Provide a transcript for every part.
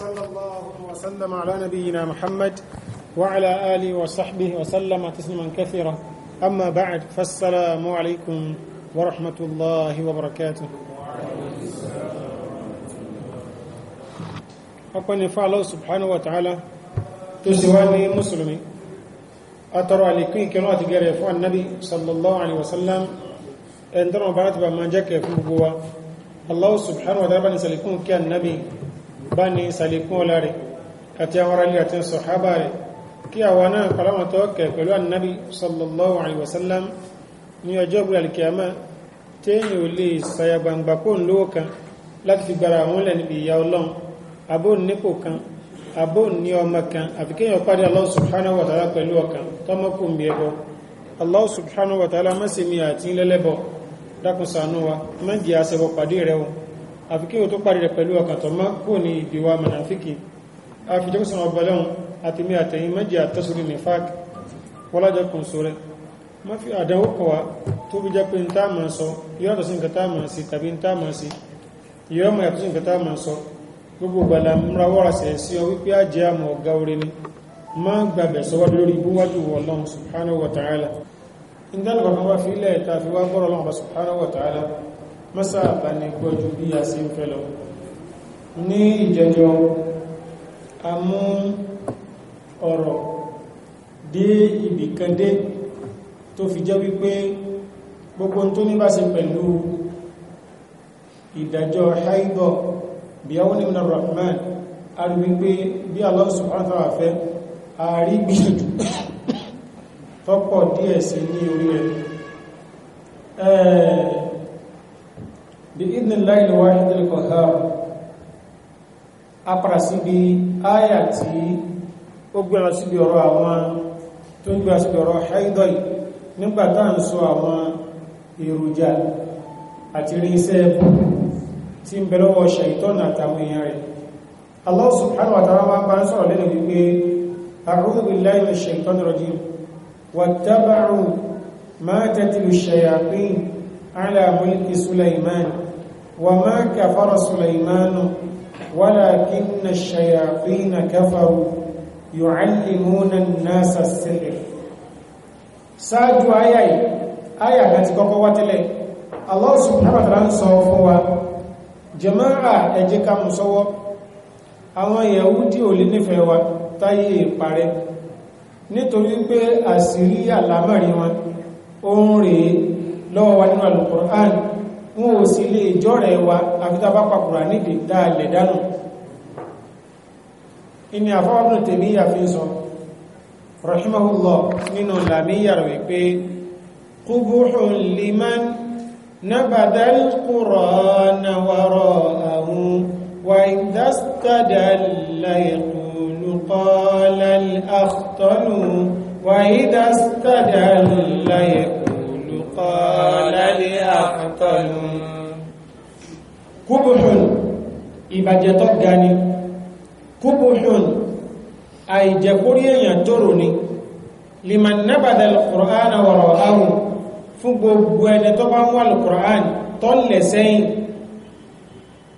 وصلى الله وسلم على نبينا محمد وعلى آله وصحبه وسلم تسليما كثيرا أما بعد فالسلام عليكم ورحمة الله وبركاته أقول الله سبحانه وتعالى تسواني مسلمي أترى لكي كنوات قرية النبي صلى الله عليه وسلم أن ترى مبارات بما جاك يفوقوا الله سبحانه وتعالى نسألكم كالنبي Bani ní sàlékún ọlá rẹ̀ àti àwọn ará ilé àti sọ̀hábà rẹ̀ kí àwọn annabi sallallahu alaihi wasallam ní ọjọ́ ìgbìyà alkiyama téèyàn ò lè sàyà gbangba kó ń lówó kan láti fi gbara àwọn ilẹ̀ níbi ìyá kan abó ní ọmọ kan àfi kéèyàn pàdé Allah subhanahu wa ta'ala pẹ̀lú ọkàn tọ́mọ́kù ń bí ẹbọ Allah subhanahu wa ta'ala mọ́sí mi àti ilẹ́lẹ́bọ dákùnsánú wa mẹ́jì àṣẹbọ pàdé rẹ̀ wọn àfikíwò tó parí rẹ̀ pẹ̀lú ọkàtọ̀mọ́ kó ní ìdíwà mọ̀nàfíkì àfijọ́sàn ọgbọ̀lẹ́hun àti mí àtẹ̀yìn méjì àtọ́sórí ní fák wọ́lájọ́ kùn sórẹ́ má fi àdánwò kọ̀ wá tó fi jẹ́ pé ń tá mọ̀ sọ yóò yàtọ̀ sí nǹkan tá mọ̀ sí tàbí ń tá mọ̀ sí yóò mọ̀ yàtọ̀ sí nǹkan tá mọ́sá àbáni gbọ́jú bí a sí ń fẹ́ lọ ní ìjẹjọ a mú ọ̀rọ̀ dé ibìkandé tó fi jẹ́ wípé gbogbo tó ní bá ṣe pẹ̀lú ìdájọ́ haibọ̀ bí a wọ́n ní rahman a rí wípé bí Allah subhanahu a rí gbìyànjú tọ́pọ̀ díẹ̀ sí ní orí rẹ̀ بإذن الله الواحد القهار apara síbi áyà tí ó gbẹ́ra síbi ọ̀rọ̀ àwọn tó ń gbẹ́ra síbi ọ̀rọ̀ haidoi nígbàtá ń sọ àwọn èròjà àti irinṣẹ́ ẹbù tí ń bẹ̀rẹ̀ wọ ṣàìtọ́nà àtàwọn èèyàn rẹ̀ Allah subhanahu wa ta'ala máa bá ń sọ̀rọ̀ lẹ́nu wípé a'udhu billahi minash shaitanir rajim wattaba'u ma tatlu shayatin ala mulki Sulaiman وما كفر سليمان ولكن الشياطين كفروا يعلمون الناس السحر ṣáájú àyà yìí àyà kan ti kọ́kọ́ wá tẹ́lẹ̀ Allah subhanahu wa ta'ala ń sọ fún wa jama'a ẹ jẹ́ ká mú sọ́wọ́ àwọn Yahudi ò lè nífẹ̀ẹ́ wa táyé ìparẹ́ nítorí pé àṣírí àlámọ̀rí wọn ó ń rèé lọ́wọ́ wa nínú Al-Qur'an wọn ò sí lè jọ́rẹ̀ wa àfitábá pàkùrà níbi dáalẹ̀ dánù inú àfọ́wọ́bùn tèmí àfin sọ rahimahullah nínú làmíyàrá wípé kúbùhùn liman nabadal qur'ana wara'ahu wa idastadalla yaqulu qala al-akhtanu قال لأقتل قبح ìbàjẹ́ tó ga ni kúbùhùn àìjẹ̀kórí èèyàn tóró ni liman nabada al-Qur'ana wa ra'ahu fún gbogbo ẹni tó bá mú al-Qur'an tó lẹ̀ sẹ́yìn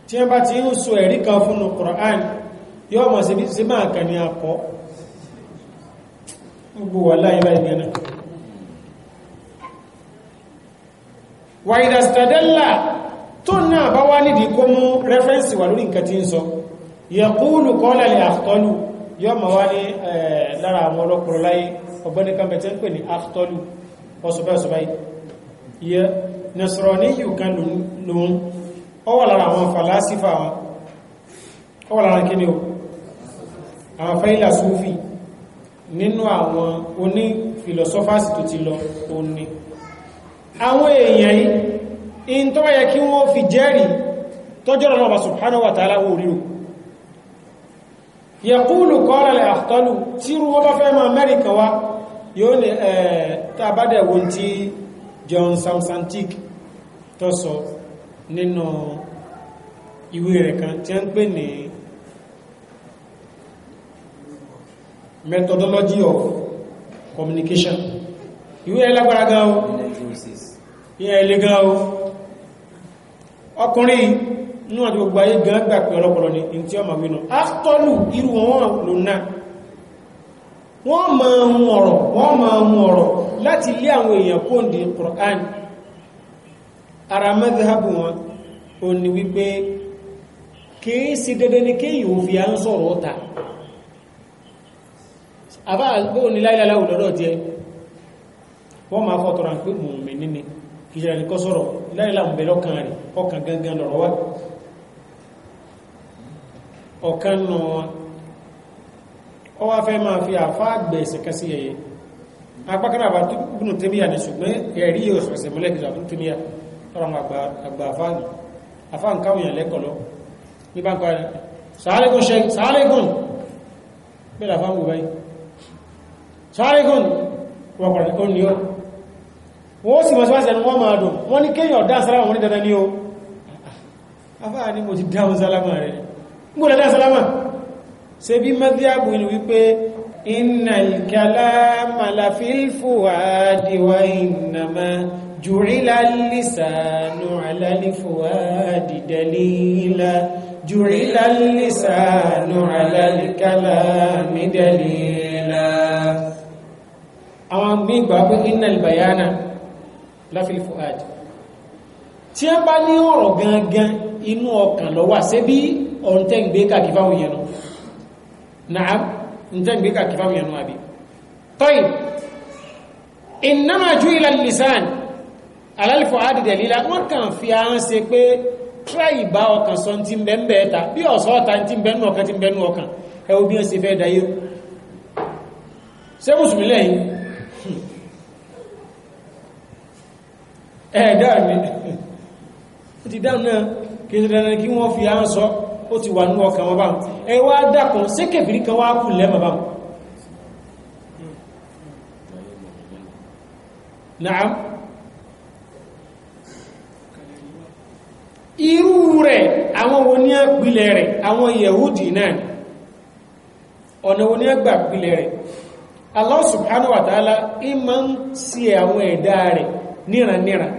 ti ń sọ kan fún al-Qur'an yóò mọ̀ sí máa kàn ní akọ́ gbogbo wà láyé báyìí náà wàìdàstàdẹ́là tó náà bá wá nídìí kó mú rẹ́fẹ́ǹsì wà lórí nǹkan tí ń sọ yẹ̀kúlù kọ́lá lè àkọlù yọ́ ma wá ní lára àwọn ọlọ́pùrọ̀ láyé ọgbẹ́ni kan bẹ̀tẹ́ ń pè ní àkọlù ọsùbẹ́sùbáyé yẹ o àwọn fẹ́ìlà súfì nínú àwọn oní fìlọsọ́fàsì àwọn èèyàn yìí in tó yẹ kí wọ́n fi jẹ́rìí tọ́jọ́rọ̀ lọ́wọ́ subhanahu wa ta'ala wò rí o yẹ̀kúlù kọ́lẹ̀ àtọ́lù tí rú wọ́n bá fẹ́ máa amẹ́ríkà wá yóò ní tàbádẹ̀wò tí John Samsantik tó sọ nínú ìwé rẹ̀ kan tí a ń pè ní methodology of communication ìwé ẹlágbára gan-an ìyẹn ilé o ọkùnrin inú àti gbogbo ayé gan gbà pé ọlọ́pọ̀lọ́ ni in tí ọmọ wínú áftọ́lù irú wọn wọn lò náà wọ́n ma ń ọ̀rọ̀ wọ́n ma ń ọ̀rọ̀ láti lé àwọn èèyàn kó ń di Qur'an ara madhhabu wọn ò ní wípé kìí sí dandan ní kéyìí ò fi à ń sọ̀rọ̀ ọ̀tà àbá àgbóhùn ní láìláìláwò lọ́dọ̀ jẹ́ wọ́n ma fọ́ tọrọ àpé ìjìnà ní kọ́ sọ̀rọ̀ láìlà ń bẹ̀lọ́ kan rẹ̀ ọkàn gangan lọ̀rọ̀ wá ọ̀kan nà ọ wá fẹ́ máa fi àfá àgbẹ̀ ìsẹ̀kẹsí ẹ̀yẹ apákan àbá tó gbùnù tẹ́míyà ní ṣùgbọ́n ẹ̀rí òṣèṣẹ̀ mọ́lẹ́kìtà fún tẹ́míyà tọ́rọ àwọn àgbà wọ́n sì mọ̀ síwáṣẹ́ ẹnu wọ́n máa dùn wọ́n ní kéyàn dá sálámà wọ́n ní dandan o afáà ni mo ti dáhùn sálámà rẹ̀ gbọ́dọ̀ dá sálámà ṣe bí mẹ́díàbù ni wípé inna al-kalama la fil fuadi wa innama al-lisanu ala al-fuadi dalila ju'ila al-lisanu ala al-kalami dalila àwọn gbígbà pé inna al-bayana láfi fuad tí a bá ní ọ̀rọ̀ gangan inú ọkàn lọ́wà ṣe bí ọ̀rùn tẹ́ ń gbé kàkí fáwọn èèyàn náà ń tẹ́ ń gbé kàkí fáwọn èèyàn àbí tọ́yì ìnáma ju ilẹ̀ lisan alálìfọ́ àdìdẹ̀ líla wọ́n kàn fi ahọ́n ṣe pé tíráì bá ọkàn sọ ti ń bẹ́ ń bí ọ̀sọ́ ọ̀ta ti ń bẹ́ ọkàn ti ń bẹ́ ọkàn ẹ ẹ̀ẹ̀dá mi ó ti dáhùn náà kí ṣe dandan kí wọ́n fi án sọ ó ti wà ní ọkàn wọn báhùn ẹ wá dákùn sí kẹfìrí kan wá kù lẹ́mọ̀ báhùn náà irú rẹ̀ àwọn wo rẹ̀ àwọn yẹ̀húdì náà ọ̀nà wo rẹ̀ Allah subhanahu wa ta'ala ìmọ̀ ń sí àwọn ẹ̀dá rẹ̀ níranníran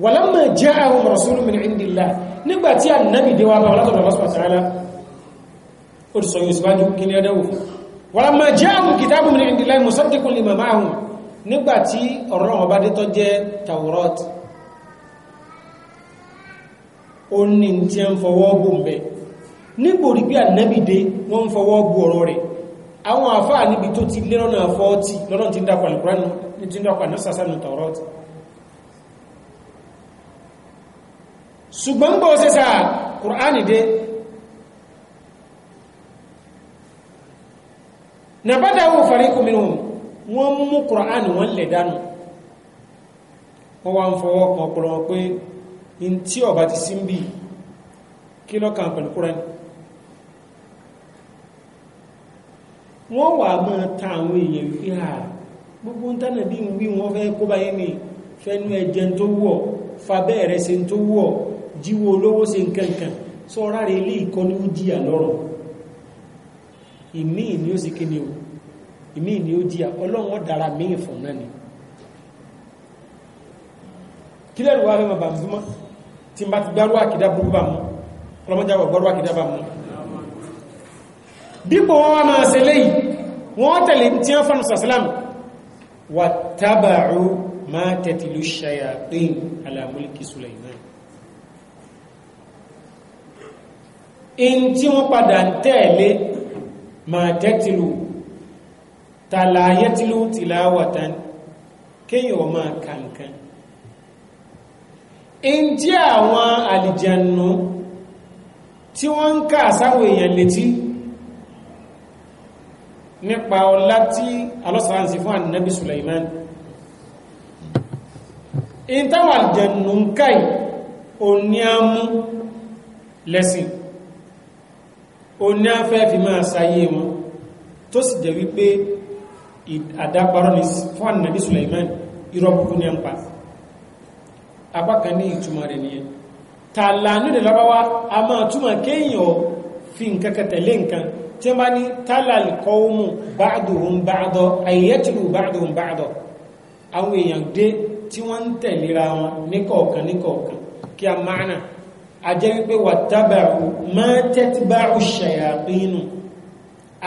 walamma ja'ahum rasulun min indillah nígbàtí annabi dé wá bá wala to rasul ta'ala o so yo síwájú kíni adawu walamma ja'ahum kitabun min indillah musaddiqun lima ma'ahum nígbàtí ọ̀rọ̀ ọba dé tó jẹ́ tawrat ó ní tí ń fọwọ́ bò ń bẹ nígbòrí bí annabi dé wọ́n ń fọwọ́ bò ọ̀rọ̀ rẹ̀ àwọn àfáà níbi tó ti lé lọ́nà 40 lọ́nà tí ń dákọ̀ alìkùránù tí ń dákọ̀ anásásánù tawrat ṣùgbọ́n bọ́ ṣe sáà kùránì dé na bá dáwò fariqu minhum wọ́n mú kùránì wọ́n lè dánù wọ́n wá ń fọwọ́ kan ọpọlọ pé in tí ọba ti sí ń bí kí lọ́kàn pẹ̀lú kùránì wọ́n wà mọ́ ta àwọn èèyàn fi hà gbogbo ń tánà bí wọ́n fẹ́ kó báyé ni fẹ́nu ẹ̀jẹ̀ tó wọ̀ fabẹ́ẹ̀rẹ̀ se tó wọ̀ jíwó olówó ṣe nkankan sọ́ra rẹ̀ ilé ìkọ́ ni ó jìyà lọ́rọ̀ ìmí ni ó sì kí ni o ìmí ni ó jìyà ọlọ́run ọ̀dára míì fún náà ni kí lẹ́rù wá fẹ́ ma bàmí mọ́ tí n bá ti gbárù àkídá burú bá mú ọlọ́mọdé àwọn gbárù àkídá bá mú dípò wọn wá máa ṣe léyìí wọ́n tẹ̀lé tí wọ́n fọ́nù sàṣálàmù wà tábàrú máa tẹ̀tìlú ṣayà pín ala mulki Sulaiman in tí wọ́n padà ń tẹ̀lé máa tẹ́tìlù tàlàyẹ́tìlù tìláwàtán kéyàn ọmọ kankan in tí àwọn àlìjànú tí wọ́n ń ká sáwọn èèyàn létí nípa ọlá tí alọ́sàránsì fún ànábì Sulaiman in táwọn àlìjànú ń káì òní àmú lẹ́sìn oní afẹ́ fi máa sáyé wọn tó sì jẹ́ wípé àdáparọ́ ni fún ànàbí Suleiman irọ́bùkú ní ẹ̀mpa apákan ní ìtumọ̀ rẹ̀ nìyẹn tààlánú rẹ̀ lọ́báwá a máa túmọ̀ kéèyàn fi nǹkan kẹtẹ̀lé nǹkan tí wọ́n bá ní tààlàlì kọ́wọ́mù báàdùhùn báàdọ̀ àyẹ́tìlù báàdùhùn báàdọ̀ àwọn èèyàn dé tí wọ́n ń tẹ̀lera wọn kí a máa náà ajẹ́ wípé wàtàbàrù má tẹ́tìbàrù ṣàyàpínú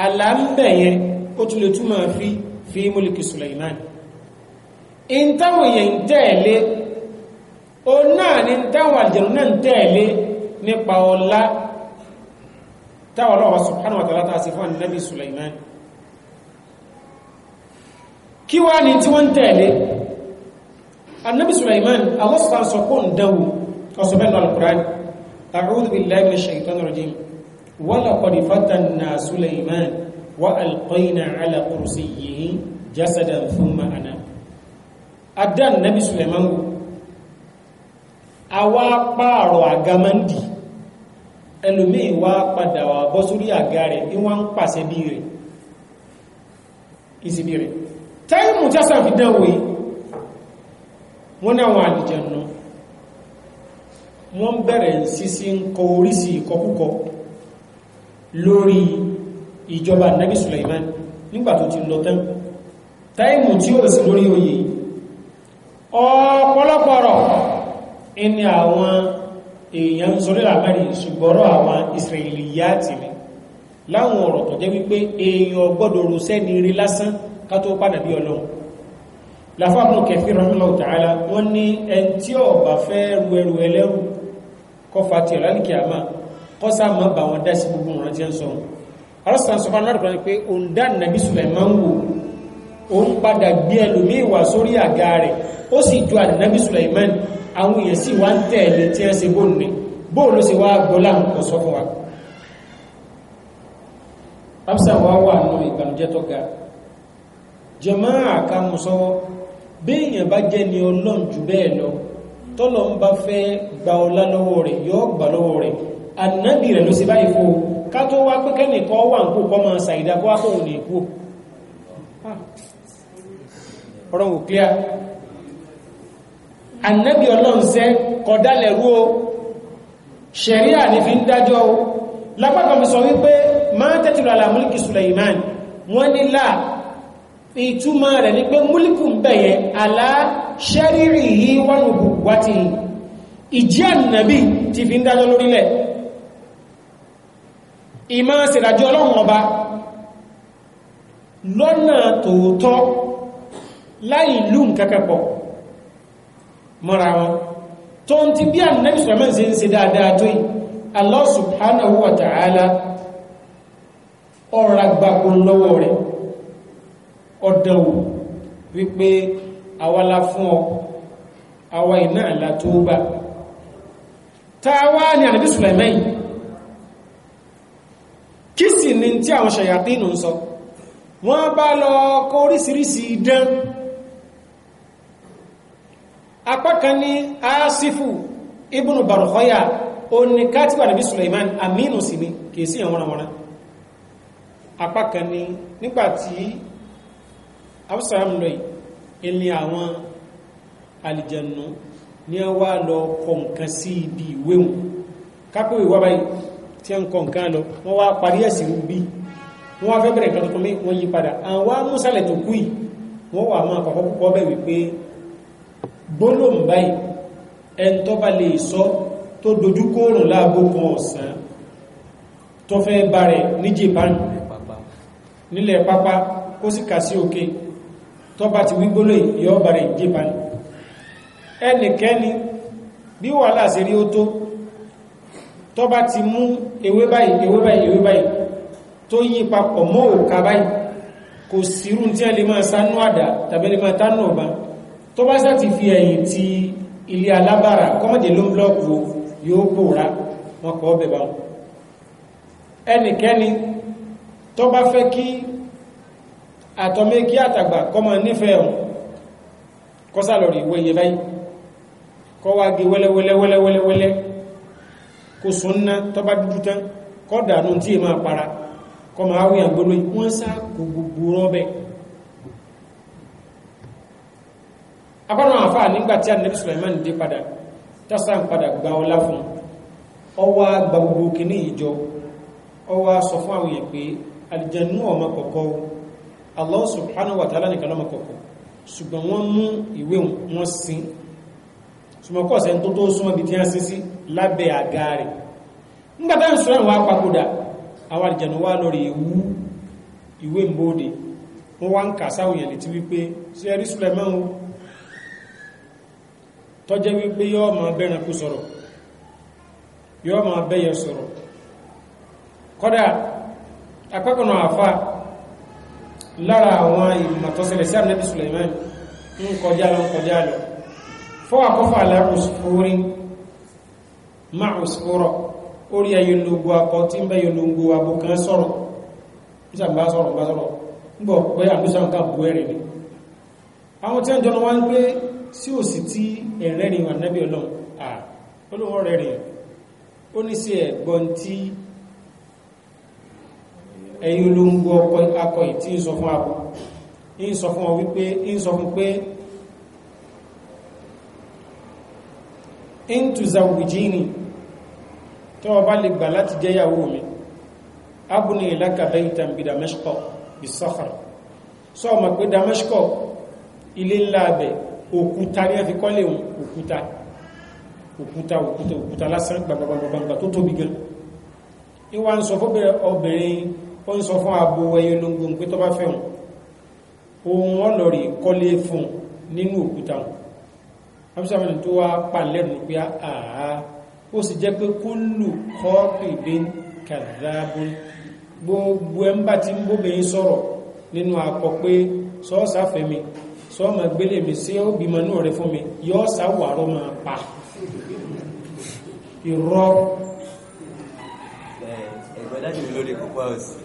alámbẹ̀yẹ ó tún lè túnmọ̀ fi fi múlùkì Suleiman in táwọn èèyàn tẹ́ẹ̀lé o náà ni táwọn àjẹ̀rù náà tẹ́ẹ̀lé nípa ọlá táwọn ọlọ́wọ́ subhanahu wa ta'ala ta sí fún nabi Suleiman kí wá ni tí sọ pé ń dánwò ọ̀sọ̀bẹ̀ lọ́lọ́kùnrin أعوذ بالله من الشيطان الرجيم ولقد فتنا سليمان وألقينا على كرسيه جسدا ثم أنا أدى النبي سليمان àwa pààrọ̀ àgámándì ẹlòmíì wá padà wà bọ́ sórí àga rẹ̀ ní wọ́n ń pàṣẹ bí rẹ̀ ìsìbí rẹ̀ táìmù tí a sàfidánwò yìí wọ́n ní àwọn àlìjẹ̀nù wọ́n bẹ̀rẹ̀ sísí ń kọ orísìí ìkọkúkọ lórí ìjọba nabi Suleiman nígbà tó ti lọ tán táìmù tí ó sì lórí oyè ọ̀pọ̀lọpọ̀rọ̀ ẹni àwọn èèyàn ń sọrí àmẹ́rì ṣùgbọ́rọ̀ àwọn Israeli yá ti ní láwọn ọ̀rọ̀ tó jẹ́ wípé èèyàn gbọ́dọ̀ rúṣẹ́ ní rí lásán ká tó padà bí ọlọ́run láfáàbùn kẹfì rahimahullah ta'ala wọ́n ní ẹni tí ó fẹ́ ru ẹrù ẹlẹ́rù kọfà tí ọ̀rọ̀ alìkì àmà kọ́sà máa bà wọn dáṣì gbogbo ọ̀rọ̀ jẹ́ ń sọ arásán sọ fánà rẹ̀ pé o ń dá nàbí Sulaiman wò o ń padà gbé ẹlòmí ìwà sórí àga rẹ̀ ó sì ju ànàbí Sulaiman àwọn èèyàn sì wá ń tẹ̀lé tí ẹ ṣe bóòlù bóòlù sì wá gbọ́ láwọn kò sọ fún wa absa wa wà nù ìbànújẹ́ tó ga jẹmọ́ àkàmùsọ́wọ́ bí èèyàn bá jẹ́ ni ọlọ́run jù bẹ́ẹ̀ lọ tọ́lọ̀ ń bá fẹ́ gba ọlá lọ́wọ́ rẹ̀ yọ́ gbà lọ́wọ́ rẹ̀ ànábì rẹ̀ ló sì báyìí fún ká tó wá pé kẹ́nìkan wà ń kó kọ́ máa ṣàìdá kó wá kóhùn lè kú ọ̀rọ̀ wò clear ànábì ọlọ́run sẹ́ o ṣẹ̀ríà ní ń dájọ́ o lápákan mi sọ wípé máa tẹ́tìrọ̀ àlàmúlìkì Sulaiman wọ́n ní láà ìtumọ̀ rẹ̀ ni pé múlìkù ń bẹ̀yẹ aláṣẹ́rìrì yìí wọ́n nùbù wá ti ìjí ànàbí ti fi ń dájọ́ lórílẹ̀ ìmọ̀ ṣèdájọ́ ọlọ́run ọba lọ́nà tòótọ́ láì lú nkẹ́kẹ́pọ̀ mọ́ra wọn tó ń ti bí ànàbí sọ̀rọ̀mọ́ ṣe ń ṣe dáadáa tó yìí Allah subhanahu wa ta'ala ọ̀rọ̀ àgbàkùn lọ́wọ́ rẹ̀ ọ̀dànwò wípé awala fún ọ awa iná àlá tó bá tàwà ní ànàbí Sulaiman kí sì ní tí àwọn ṣàyàtínù ń sọ wọ́n bá lọ kó oríṣiríṣi idán apákan ní asifu ibùnù barhoya o ní kátìbà ànàbí Sulaiman aminu sí ni kìí sí ẹ̀wọ̀n àwọn apákan ní nígbàtí absalom lọ yìí ni àwọn alìjẹnu ní ẹ wá lọ kọ nǹkan sí ibi ìwé wọn kápẹ́ ìwà báyìí tí ẹ ń kọ nǹkan lọ wọ́n wá parí ẹ̀sìn rúbí wọ́n wá fẹ́ bẹ̀rẹ̀ nǹkan tuntun mi wọ́n yí padà àwọn amúsàlẹ̀ tó kú yìí wọ́n wà máa kọ̀kọ́ púpọ̀ bẹ̀ wípé gbólóhùn báyìí ẹni tó lè sọ tó dojú kóòrùn láago kan ọ̀sán tó fẹ́ bá rẹ̀ bá nílẹ̀ pápá kó sì kà sí òkè tọba ti wí gbólé yọ́ bàrẹ̀ ìjébani ẹnìkẹ́ni bí wà láàṣẹ rí ó tó tọba ti mú ewé báyìí ewé báyìí ewé báyìí tó yí papọ̀ mọ́ òkà báyìí kò sírùn tí a lè máa sánú àdá tàbí lè máa tánú ọ̀bá tọba sá ti fi ẹ̀yìn ti ilé alábàrà kọ́mọ̀dé ló ń blọ́ọ̀kù yóò pòórá wọn kọ́ bẹ̀bá ẹnìkẹ́ni tọba fẹ́ kí àtọ́mẹ́ kí àtàgbà kọmọ nífẹ̀ẹ́ ọ̀n kọsàlọ̀rì ìwé yẹ báyìí kọ wá gé wẹ́lẹ́wẹ́lẹ́wẹ́lẹ́wẹ́lẹ́ kò súnná tọ́bá dúdú tán kọ́ dànù tí è máa para kọ ma áwé àgbóló wọ́n sá gbogbo rọ́bẹ̀ abáwọn àfà nígbà tí Ànábì Sulaiman dé padà tásán padà gba ọlá fún ọwá gba gbogbo kìíní ìjọ ọwá sọ fún àwọn èèyàn Allah subhanahu wa ta'ala nìkan lọ́mọ kọ̀kọ̀ ṣùgbọ́n wọ́n mú ìwé wọn sin ṣùgbọ́n ṣe tó tó súnmọ́ bí tí a sin sí lábẹ́ àga rẹ̀ nígbàtá ń sọ́rọ̀ àwọn àjẹ̀nù wá lórí ìwú ìwé mbóde wọ́n wá ń kà sáwòyàn wípé sí ẹrí lára àwọn ìmọ̀tọ́sẹ̀lẹ̀ sí ànábì Suleiman ń kọjá lọ kọjá lọ fọ́ àkọ́fà aláàrùsùfúrí máàrùsùfúrọ̀ orí ayológo akọ tí ń bẹ́ yológo abo kan sọ̀rọ̀ nígbà bá sọ̀rọ̀ bá sọ̀rọ̀ gbọ́ pé àbúṣàn ká bu ẹ̀rẹ̀ ni àwọn tí a jọ wá ń pé sí òsì tí ẹ̀rẹ́ ni wà nábì ọlọ́run à olówó rẹ̀ rẹ̀ ó ní sí ẹ̀gbọ́n tí ẹ̀yin olóńgbò ọkọ̀ akọ̀yì tí ń sọ fún abo ń sọ fún ọ wípé ń sọ fún pé ń tùzàwùjìnì tó ọba lè gbà láti jẹ́yàwó mi abúni ìlàkàbẹ́ ìtàmbì Damashqọ̀ bí Sakhra sọ ọmọ pé Damashqọ̀ ilé ńlá abẹ òkúta ní ẹfi kọ́lé òkúta òkúta òkúta òkúta lásán gbàgbàgbàgbà tó tóbi gan ìwà ń sọ fóbìnrin ó ń sọ fún abo ẹyẹ olóńgbò pé tó bá fẹ́ wọn ohun ọlọ́rì kọ́lé fún nínú òkúta wọn abúsàmì tó wá pàlẹ́nu pé àá ó sì jẹ́ pé kó lù kọ́ pèdé kàdáàbùn gbogbo ẹ̀ ń bá ti ń bóbìnrin sọ̀rọ̀ nínú akọ pé sọ́ọ̀sà fẹ́mi sọ́ọ̀mà gbélé mi sí òbímọ náà rẹ fún mi yọ́ sáwàárọ̀ máa pa irọ́ ẹ̀gbẹ́dájú lórí kókó àwòsí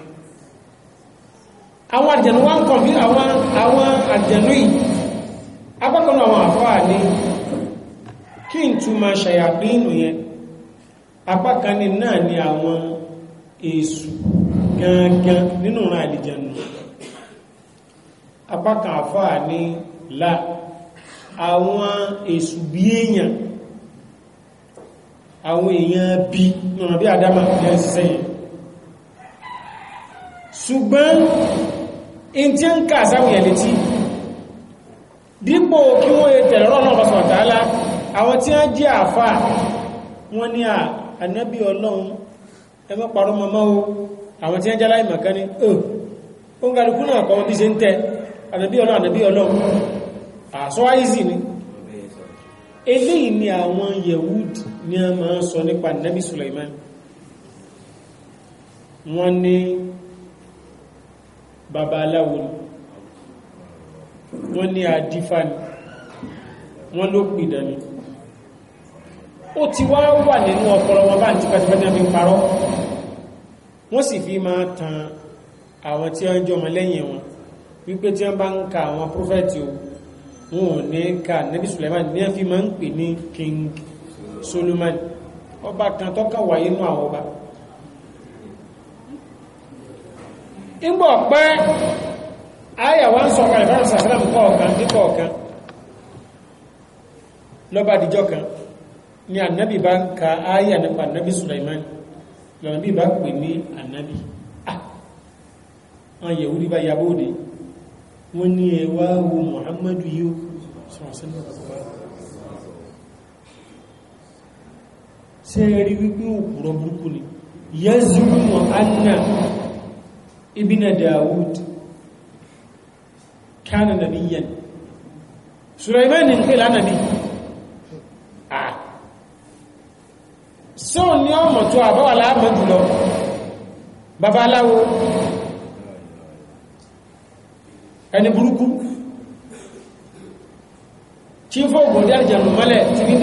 àwọn àjẹ̀nú wá ń kàn bí àwọn àwọn àjẹ̀nú yìí apákan àwọn àfáà ní kí n túmọ̀ ṣàyàpí ìlú yẹn apákan ní náà ni àwọn èṣù gangan nínú ìran àlìjẹ̀nú apákan àfáà ní là àwọn èṣù bí èèyàn àwọn èèyàn bí nọ̀nà bí àdámà ní ẹ̀sẹ̀ yẹn ṣùgbọ́n in ti ń kà sáwọn èèyàn létí dípò kí wọ́n tẹ̀lé ọlọ́run ọba sọ̀rọ̀ tààlà àwọn tí wọ́n jẹ́ àfà wọ́n ní à ànábì ọlọ́run ẹ má parọ́ mọ́mọ́ o àwọn tí wọ́n jẹ́ láì màkán ní ọ ó náà kọ́ bí ṣe ń tẹ ànábì ọlọ́run ànábì ọlọ́run ni eléyìí ni àwọn yehud ni a máa ń sọ babaláwo ni wọ́n ní àdífà ni wọ́n ló pìdà ni ó ti wá wà nínú ọpọlọ wọn bá ń tipẹ́tipẹ́ náà fi parọ́ wọ́n sì fi máa tan àwọn tí wọ́n jọmọ lẹ́yìn wọn wípé tí wọ́n bá ń ka àwọn prófẹ́tì o wọn ò ní ka nẹ́bí Suleiman ní wọ́n fi máa ń pè ní King Solomon ọba kan tọ́ka wáyé nú àwọn ọba ìgbọ̀ pẹ́ ayà wá ń sọ ọ̀kan ìfẹ́ràn sàfẹ́ràn kọ̀ọ̀kan ní kọ̀ọ̀kan lọ́bá àdíjọ́ kan ni ànábì bá ń ka ayà nípa ànábì Sùlàímánì lọ́nàbí bá pè ní ànábì àwọn yẹ̀wúrí bá yabó ní wọ́n ní ẹwà wo Muhammadu yíó sẹ́ẹ̀rí wípé òkúrọ̀ burúkú ni yẹ́ zúrùn anna ibn Dawud kana nabiyyan Sulaiman qila nabi ah so ni o mo to abawa la mo jùlọ babaláwo ẹni burúkú tí fo gbo di aljanu male tí ni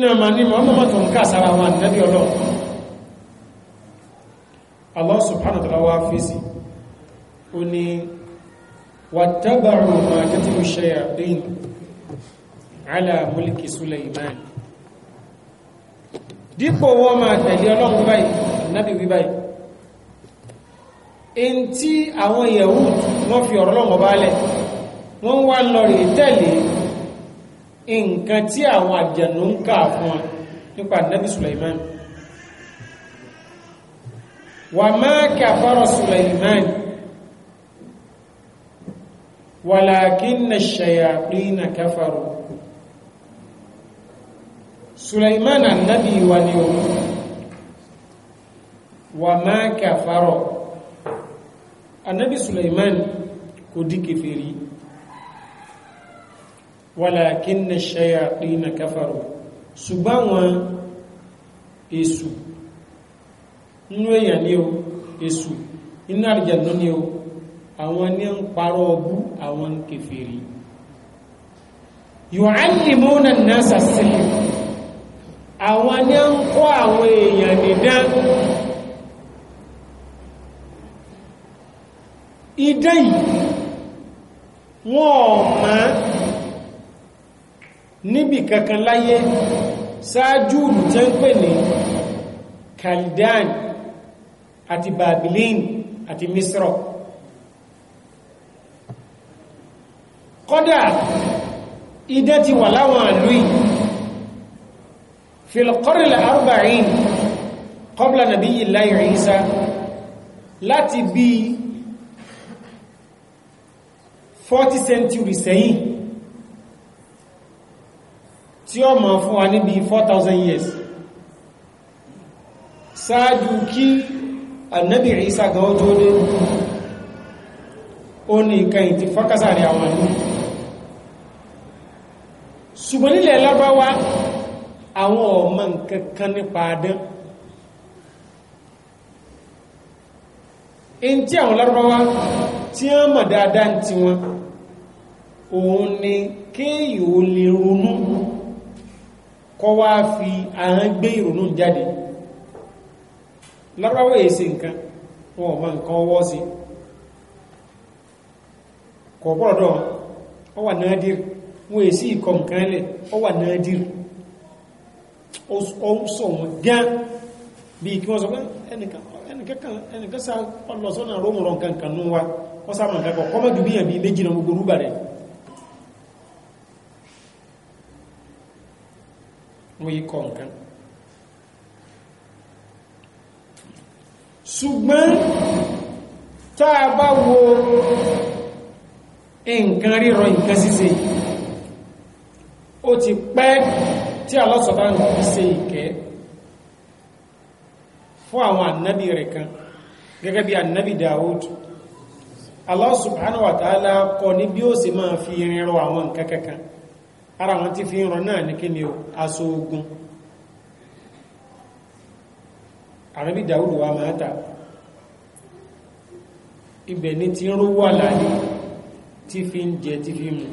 iná ma ní mọ́mọ́mọ́ tó ń ká sára wọn ànábì ọlọ́run Allah subhanahu wa ta'ala wá fèsì ó ní wàtàbàrù ma kẹtìrù shayatin ala mulki Sulaiman dípò wọ́n máa tẹ̀lé ọlọ́run báyìí ànábì wí báyìí in tí àwọn Yahud wọ́n fi ọ̀rọ̀ nǹkan tí àwọn àjẹ̀nù ń kà fún wọn nípa nabi Sulaiman wà máa kàfàrọ̀ Sulaiman walakinna shayatina kafaru Sulaiman annabi wa ni o wà máa kàfàrọ̀ annabi Sulaiman kò di kèfèrí walakinna shayatina kafaru ṣùgbọ́n àwọn èṣù inú èèyàn ní o èṣù inú àrìjànú ní o àwọn ní ń parọ́ ọbú àwọn kèfèrí yu'allimuna an-nasa as àwọn ní ń kọ́ àwọn èèyàn nìdán ìdán yìí wọ́n máa níbi kankan láyé ṣáájú tẹ́ ń pè ní Kaldan àti Babilin àti Misro kódà idẹ́ ti wà láwọn àlúì filqaril arba'in qabla nabiyyillahi Isa láti bí 40 century sẹ́yìn tí ó mọ̀ fún wa níbi 4,000 years ṣáájú kí annabi Isa gan ó tó dé ó ní nǹkan ìtì fọ́kásà rẹ̀ àwọn ẹni ṣùgbọ́n nílẹ̀ lábáwá àwọn ọmọ nǹkan kan nípa adán in tí àwọn lárúbáwá tí wọ́n mọ̀ dáadáa ti wọn òun ni kéèyàn ò lè ronú kọ́ wá fi àwọn gbé ìrònú jáde lọ́rọ̀wọ́ èsì nǹkan wọn ọmọ nǹkan ọwọ́ sí kọ̀ pọ̀lọ̀dọ̀ ọ wà náà dìrì wọn èsì ìkọ̀ nǹkan lẹ̀ ọ wà náà dìrì ó sọ wọn gán bí kí wọ́n sọ pé ẹnìkan sá ọlọ́sọ́nà rómùrọ̀ nǹkan kan wa wọ́n sá mo yí kọ nǹkan ṣùgbọ́n tá a bá wo nǹkan ríran nǹkan ṣíṣe ó ti pẹ́ tí alọ́sọ̀tà ń fi ṣe ìkẹ́ fún àwọn ànábì rẹ̀ kan gẹ́gẹ́ bí ànábì Dawud Allah subhanahu wa ta'ala kọ ní bí ó sì máa fi irin àwọn nǹkan kankan ara wọn ti fi ń ran náà ní kí ni o aṣọ ogun àrẹ́bí dàúdù wa máa ta ibẹ̀ ní ti ń rówó àlàyé tí fi ń jẹ tí fi mú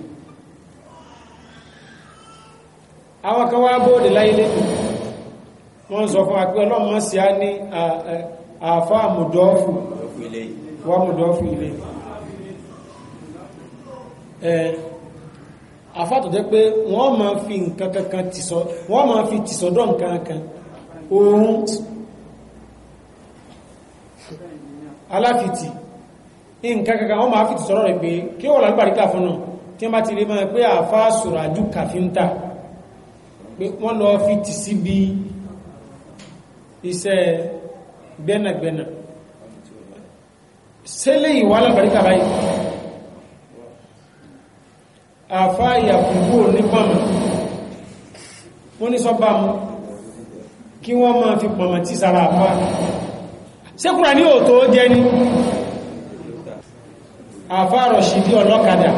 àwọn kan wá bóòdì láyé lẹ́nu wọ́n sọ fún àpé ọlọ́mọ sí á ní àfá àmùdọ́fù wà mùdọ́fù ilé ẹ̀ àfọ́tò jẹ́ pé wọ́n máa fi nǹkan kankan tìsọ wọ́n máa fi tìsọdọ́ nǹkan kan oòrùn aláfitì nǹkan kankan wọ́n máa fi tìsọdọ́ rẹ̀ pé kí wọ́n lágbàríkà fún náà tí wọ́n bá ti rí máa pé àfá sùràjú kàfíńtà pé wọ́n lọ fi tì sí bí iṣẹ́ gbẹ́nàgbẹ́nà sẹ́lẹ̀ ìwà alágbàríkà báyìí àfáàyà kúgbò ní pàmà wọ́n ní sọ́bà mú kí wọ́n máa fi pàmà tí sára àfáà sékùnrà ní òtò jẹ́ ní àfáàrọ̀ sí bí ọlọ́kadà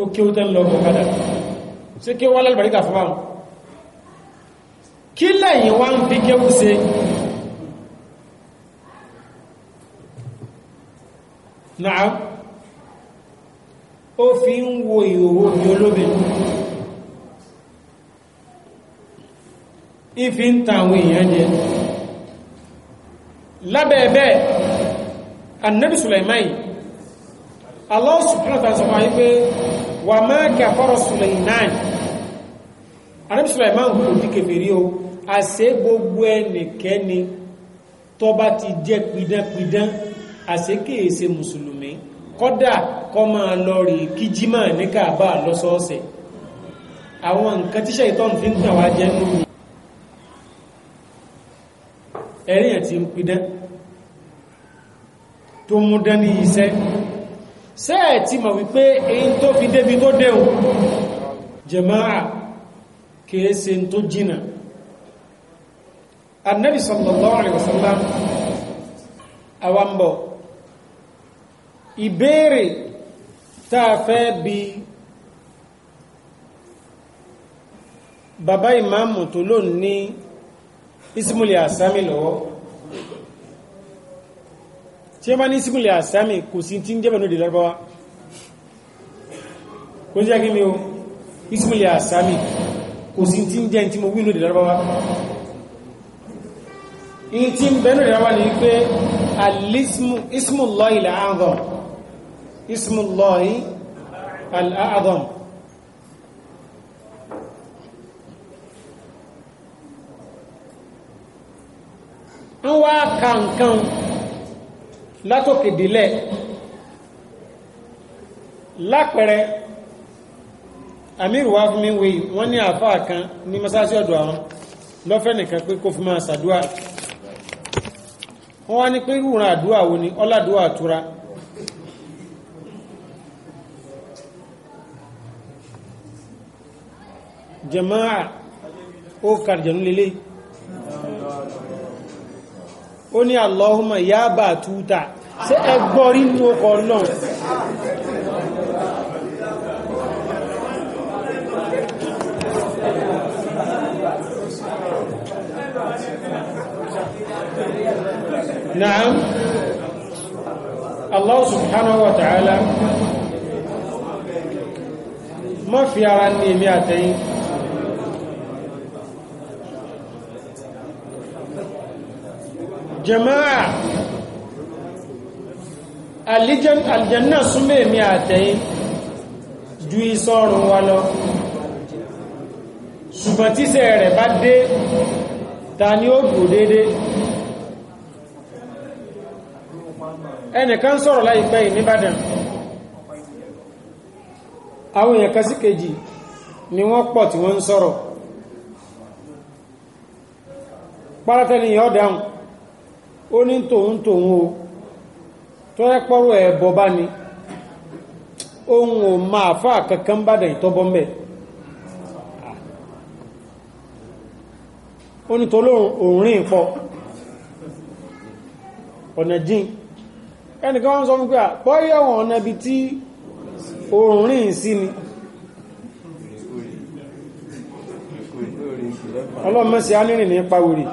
ó kí ó tẹ́lọ ọkọ̀kadà sí kí wọ́n lálbàríkà fún báwọn kí lẹ́yìn wá ń fi kéwú se, náà ó fi ń wo ìhòhò mi olóbìnrin ìfi ń ta àwọn èèyàn jẹ lábẹ́ẹ̀bẹ́ annabi Sulaiman Allah subhanahu wa ta'ala sọ wáyé pé wà máa kafara Sulaiman annabi Sulaiman kò di kèfèrí o àṣẹ gbogbo ẹnikẹ́ni tó bá ti jẹ́ pidánpidán àṣẹ kèèṣe mùsùlùmí kọ́dà kọ́ máa lọ rí kíjímà ní kàbà lọ́sọ́ọ̀sẹ̀ àwọn nǹkan tíṣẹ́ ìtọ́nù fi ń tàn wá jẹ́ nínú ẹ̀ríyàn ti ń pidán tó mú dání iṣẹ́ sẹ́ẹ̀ ti mọ̀ wípé èyí tó fi débi tó déhùn jẹ̀máà kìí tó jìnà annabi sallallahu alaihi wasallam awambo ìbéèrè tàà fẹ́ bí bàbá ìmáàmù tó lò ní ismuli asami lọ́wọ́ tí ó bá ní ismuli asami kò sí tí ń jẹ́ bẹ̀rẹ̀ lọ́rọ̀bọ́wá kò jẹ́ kí mi o ismuli asami kò sí tí ń jẹ́ tí mo wí lóde lọ́rọ̀bọ́wá in tí ń bẹ̀rẹ̀ lọ́rọ̀bọ́wá ni wípé alismu ismullah ilẹ̀ anzor اسم الله الأعظم ń wá ka nǹkan látòkèdélẹ̀ lápẹẹrẹ amir wa fún mi wèyí wọ́n ní àfáà kan ní mọ́sáàsì ọ̀dọ̀ àwọn lọ́fẹ́ nìkan pé kó fún máa sàdúà wọ́n wá ní pé rúran àdúà wo ni ọládùà àtúra jama'a ó kàrìjànú lélé ó ní allahumma ya bá túta sí ẹgbọ́ rí ní ọkọ̀ náà Na'am Allah subhanahu wa ta'ala ma fi ara ní èmi àtẹ́yìn jama'a aljanna súnmọ́ èmi àtẹ̀yìn ju ìsọ́rùn wa lọ ṣùgbọ́n tíṣẹ́ rẹ̀ bá dé ta ni ó dùn dédé ẹnìkan sọ̀rọ̀ láìpẹ́ yìí nìbàdàn àwọn èèyàn kan sí kejì ni wọ́n pọ̀ tí wọ́n ń sọ̀rọ̀ páratẹ́ni yọ́ dáhùn ó ní tòun tòun o tó yẹ pọ́rọ̀ ẹ̀bọ bá ni ohun ò máa fà kankan bá dẹ̀ ìtọ́bọ́ mẹ́ ó ní tòun òun rìn pọ̀ ọ̀nà jìn ẹnìkan wọ́n sọ fún pé à wọn ọ̀nà ibi tí òun sí ni ọlọ́mọ́sí anírìn ní pàwìrì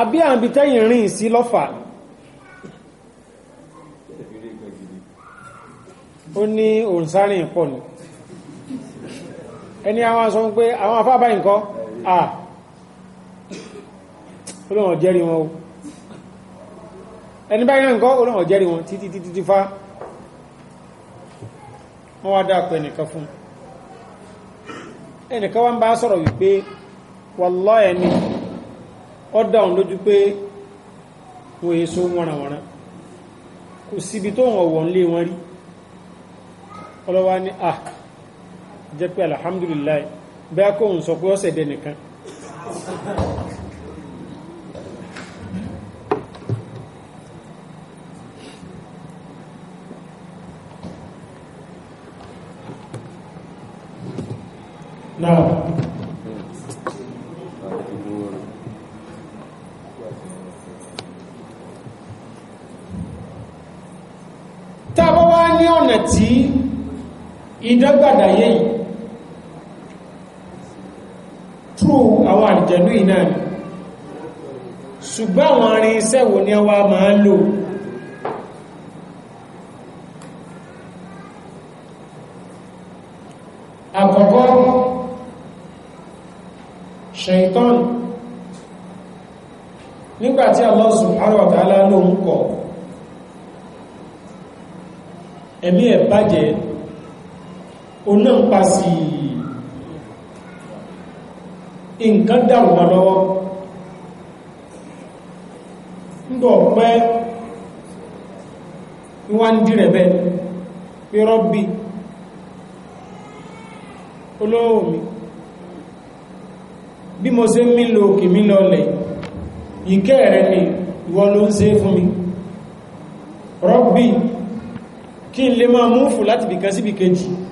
àbí àbí tẹ́yìn rìn sí lọ́fà ó ní òǹsárìn pọ̀ ni ẹni àwọn sọ pé àwọn afábá nǹkan à olóhàn jẹ́rí wọn o ẹni báyìí náà nǹkan olóhàn jẹ́rí wọn títí títí tí fá wọ́n wá dápẹ́ ẹnìkan fún ẹnìkan wá ń bá sọ̀rọ̀ wípé wàlọ́ ẹni ọ̀dà òun lójú pé wọ́n èso wọ́nàwọ́nà kò síbi tó wọ́n wọ́n lé wọ́n rí ọlọ́wà ní à jẹ́ pé alhamdulillah bẹ́ẹ̀ kóhùn sọ pé ọ̀sẹ̀ nìkan ìdọ́gbàdà yẹ́yì true àwọn àjẹ̀lú ìná ṣùgbọ́n àwọn arin iṣẹ́ wo ni ọwá máa ń lò àkọ́kọ́ ṣẹ̀ìtọ́n nígbàtí Allah subhanahu wa ta'ala ló ń kọ̀ ẹ̀mí ẹ̀ bàjẹ́ o náà pa sí nǹkan dàrú wọn lọ́wọ́ ń bọ̀ pẹ́ wọ́n ń dìrẹ̀ bẹ́ irọ́ bí olówó mi bí mo ṣe mí lò kì mí lọlẹ̀ ìkẹ́ rẹ̀ ni ìwọ ló ń ṣe fún mi rọ́bì kí n lè máa múfù láti bìkan síbìkejì si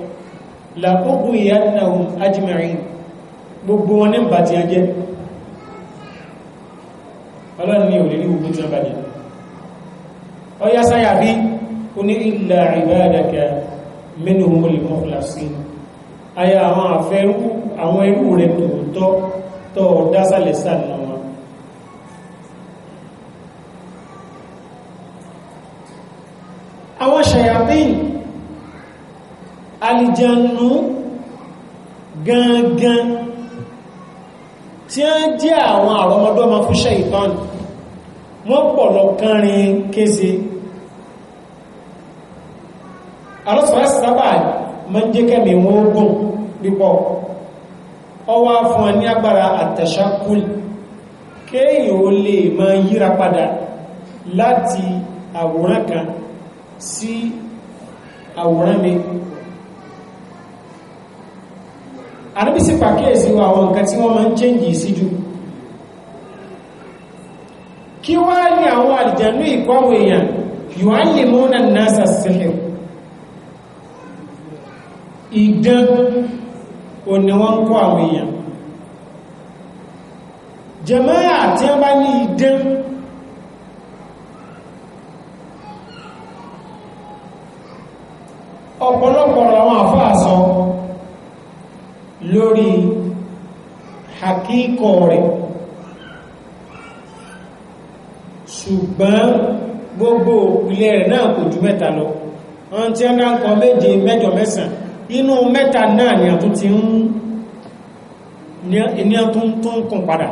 làkókò ìyánnáhùn ajímẹ̀rin gbogbo wọn ní bá ti ajẹ́ ọlọ́rin ni òlèrí gbogbo tí wọ́n bá jẹ́ ọya sáyà bí o ní ìlà ìbáadàkà mẹ́nu olùmọ́kùlásí aya àwọn àfẹ́rú àwọn ẹrú rẹ̀ tòótọ́ tọ́ dásàlẹ̀ sànà wọn alìjẹnu gangan tí ó jẹ́ àwọn àrọmọdọ́mọ fúnṣẹ́ ìtọ́nù wọ́n pọ̀lọ̀ kánrin kése alọ́sọ̀rọ̀ sábà máa ń jẹ́ kẹ́mì wọ́n gùn pípọ̀ ọwá fún ẹni agbára àtẹ̀ṣákùlì kéèyàn ó lè máa yíra padà láti àwòrán kan sí àwòrán mi àdébísí pàkíyèsí wa àwọn nǹkan tí wọ́n máa ń chẹ́ǹjì síjú kí wá ní àwọn àlìjànú ìkọ́ àwọn èèyàn yóò á lè mọ́nà nasa sihir ìdán ò ní wọ́n kọ́ àwọn èèyàn jẹmọ́ra tí wọ́n bá ní ìdán ọ̀pọ̀lọpọ̀ àwọn àfáà sọ lórí hakíkọ̀ rẹ̀ ṣùgbọ́n gbogbo ìpìlẹ̀ rẹ̀ náà kò ju mẹ́ta lọ wọ́n tí wọ́n kọ méje mẹ́jọ mẹ́sàn inú mẹ́ta náà ni a tún ti ń ní a tún tún kùn padà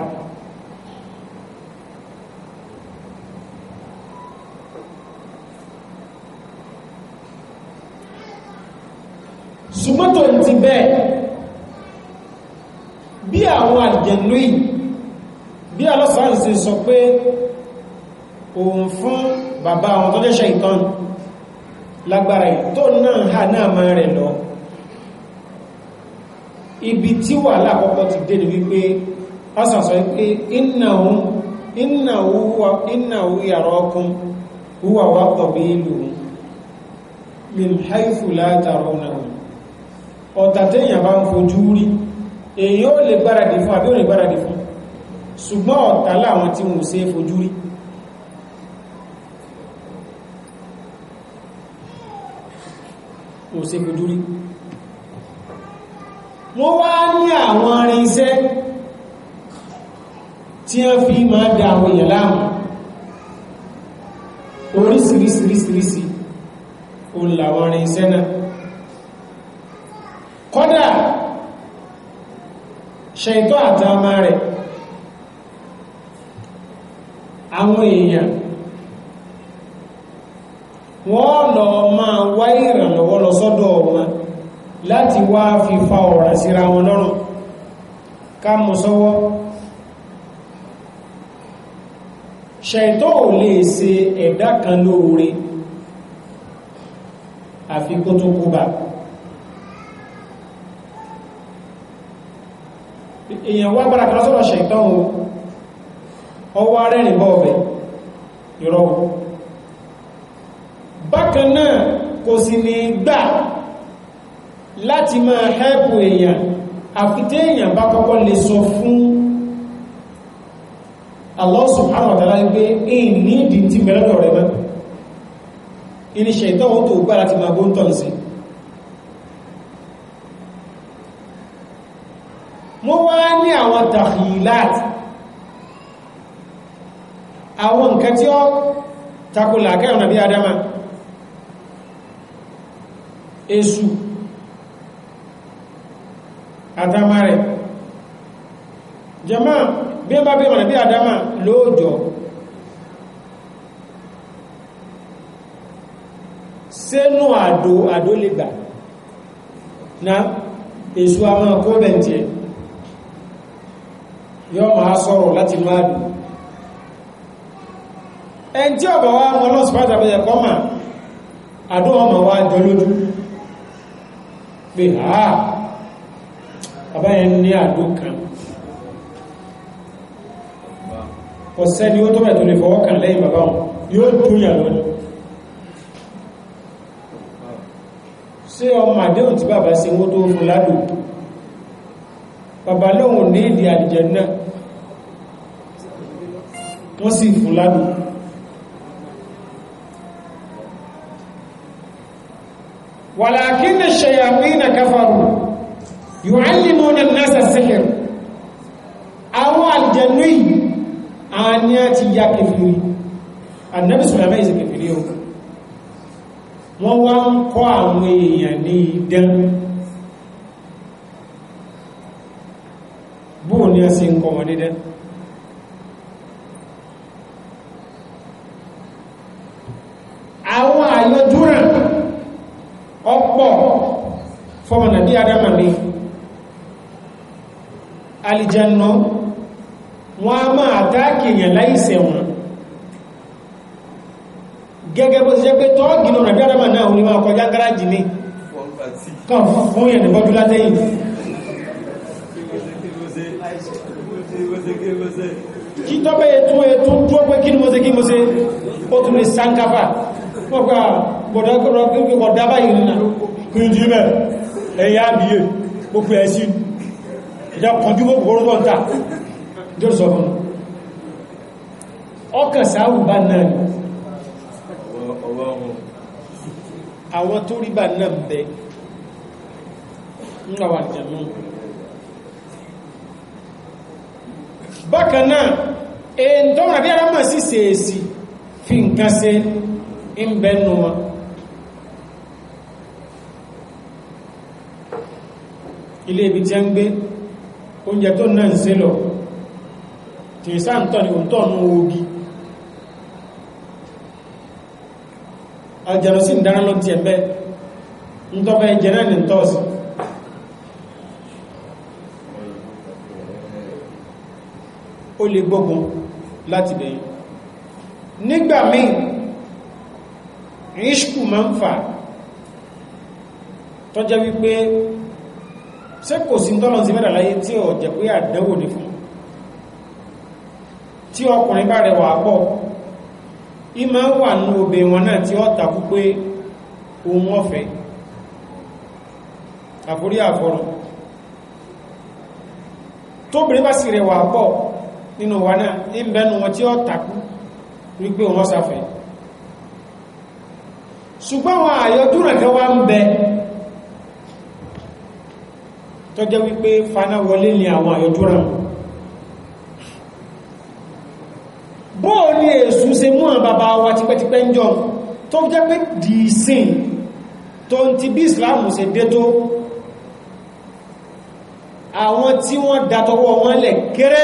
àlùjẹ̀nú yìí bí alọ́sàn sì sọ pé òun fún bàbá àwọn tó jẹ́ṣẹ́ ìtàn lágbára yìí tó náà hà náà máa rẹ̀ lọ ibi tí wà láàkọ́kọ́ ti dé ni wípé ọsàn sọ pé ìnáwó ìnáwó yàrá ọkùn huwa wà pọ̀bí ìlú min haifu látàrọ náà ọ̀tàtẹ́yàn bá ń fojú rí èyí ó lè gbáradì fún àbí òní gbáradì fún ṣùgbọ́n ọ̀tá láwọn tí wọ́n ṣe fojú rí wọ́n ṣe fojú rí wọ́n wá ní àwọn irinṣẹ́ tí wọ́n fi máa da àwọn èèyàn láàmú oríṣiríṣiríṣiríṣi òun làwọn irinṣẹ́ náà kódà ṣètò àtàmà rẹ̀ àwọn èèyàn wọ́n lọ máa wá ìrànlọ́wọ́ lọ sọ́dọ̀ wọn láti wá fi fa ọ̀rà síra wọn lọ́rùn ká mọ̀ sọ́wọ́ ṣètò ò lè ṣe ẹ̀dá kan lóore àfikún tó kú bàbá èèyàn wá gbára kan sọ́rọ̀ ṣẹ̀tàn o ọwọ́ arẹ́rìn bọ́ ọbẹ̀ ìrọ̀ bákan náà kò sì ní gbà láti máa hẹ́pù èèyàn àfitẹ́ èèyàn bá kọ́kọ́ lè sọ fún Allah subhanahu wa ta'ala pé èyí ní ìdí tí mẹ́lọ́dọ̀ rẹ̀ mẹ́ iníṣẹ́ ìtọ́wọ́ tó gbára ti máa gbóntọ̀ sí wọ́n wá ní àwọn takhilat àwọn nǹkan tí ó takùlà kẹrànà bí adama èsù àtàmà rẹ̀ jẹmọ́ bí ẹ bá bí ọ̀nà bí adama lóòjọ́ sẹ́nu àdó àdó lè gbà na èsù àwọn ọkọ̀ bẹ̀ntì ẹ̀ yóò máa sọ̀rọ̀ láti máa dùn ẹn tí ọ̀bọ̀ wá wọn lọ́sùn fàájà fẹ́yẹ kọ́ mà àdó ọmọ wa jọ lójú pé ha bàbá yẹn ní àdó kan ọ̀sẹ́ ni ó tó bẹ̀ tó lè fọwọ́ kàn lẹ́yìn bàbá wọn yóò dúnyà lónìí ṣé ọmọ àdéhùn tí bàbá ṣe wó tó fún ládùn bàbá lóhùn ní ìdí àdìjẹ náà wọ́n sì fún lánàá wàlákínà ṣayàwínà káfàrù yu'allimuna an-nasa as-sihr àwọn àjẹ̀nú yìí àní àti ya kèfèrí annabi sùlẹ̀mẹ́ ìsẹ̀ kèfèrí o wọ́n wá ń kọ́ àwọn èèyàn ní idán bóò ní a sì ń kọ́ wọn dídán bí adama ni alìjẹnà wọn a máa táàkì èèyàn láìsẹ̀ wọn gẹ́gẹ́ bó ti jẹ́ pé tọ́ọ̀gì náà bí adama náà ní máa kọjá gáràjì ní kan fún yẹn ní bọ́jú látẹ́yìn kí tọ́pẹ́ ètò ètò tó pé kí ni mo ṣe kí mo ṣe ó tún lè sáńkáfà wọ́n pa bọ̀dá kọ̀dá báyìí nínú kí n jí bẹ́ẹ̀ ẹ̀yà àbíyè gbogbo ẹ̀sí ìjá kọjú gbogbo orúkọ ń ta jọ́ sọ fún ọkàn sáàwù bá náà ni àwọn tó rí bá náà bẹ ń àwọn àjẹ̀mú bákan náà èyí tó rà bí ara mọ̀ sí sèèsì fi nǹkan ṣe ń bẹ́nu wọn ilé ibi tí a ń gbé oúnjẹ tó náà ń ṣe lọ tìrìsá ń tọ́ ni òun tọ́ nú ogi aljanu sí ń dáná lọ tiẹ̀ bẹ́ẹ̀ ń tọ́ bẹ́ẹ̀ jẹ náà ní tọ́ọ̀sì ó lè gbógun láti bẹ̀yìn nígbà míì ìṣkù máa tọ́jẹ́ wípé ṣé kò sí tọ́lọ̀ sí mẹ́rẹ̀ láyé tí ọ̀ jẹ́ pé àdánwò ní fún tí ọkùnrin bá rẹwà pọ̀ ìmọ̀ wà ní obè wọn náà tí ó takú pé ohun ọ̀fẹ́ àforí àfọrùn tóbìnrin bá sì rẹwà pọ̀ nínú wa náà ìbẹ̀nu wọn tí ó takú wípé wọn sáfẹ́ ṣùgbọ́n àwọn àyọdúnrẹ̀kẹ́ wá ń bẹ tó jẹ́ wípé fana wọlé ní àwọn àyọjúra bóò ní èsù ṣe mú àwọn bàbá wa tipẹ́tipẹ́ ń jọ tó jẹ́ pé dìísìn tó ń ti bí Islam ṣe dé tó àwọn tí wọ́n dàtọwọ́ wọn lẹ̀ kéré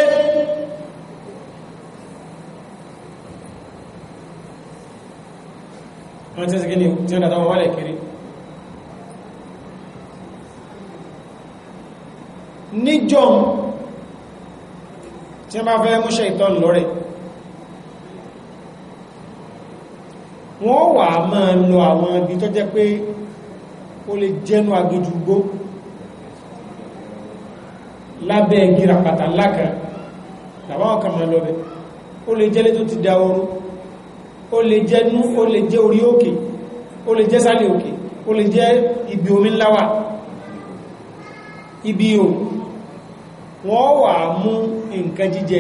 wọ́n tí ó sì kí ni tí wọ́n dàtọwọ́ wọn lẹ̀ kéré níjọ́ tí wọ́n bá fẹ́ múṣẹ́ ìtọ́ lọ́rẹ̀ wọ́n wà máa lọ àwọn ibi tó jẹ́ pé ó lè jẹ́nu àdójúgbó lábẹ́ gíra pàtà lákàá làwọn kan máa lọ bẹ̀ ó lè jẹ́lé tó ti da oorun ó lè jẹ́ ó lè jẹ́ orí òkè ó lè jẹ́ sálẹ̀ òkè ó lè jẹ́ ibi omi ńláwà ibi òkè wọ́n wà mú nǹkan jíjẹ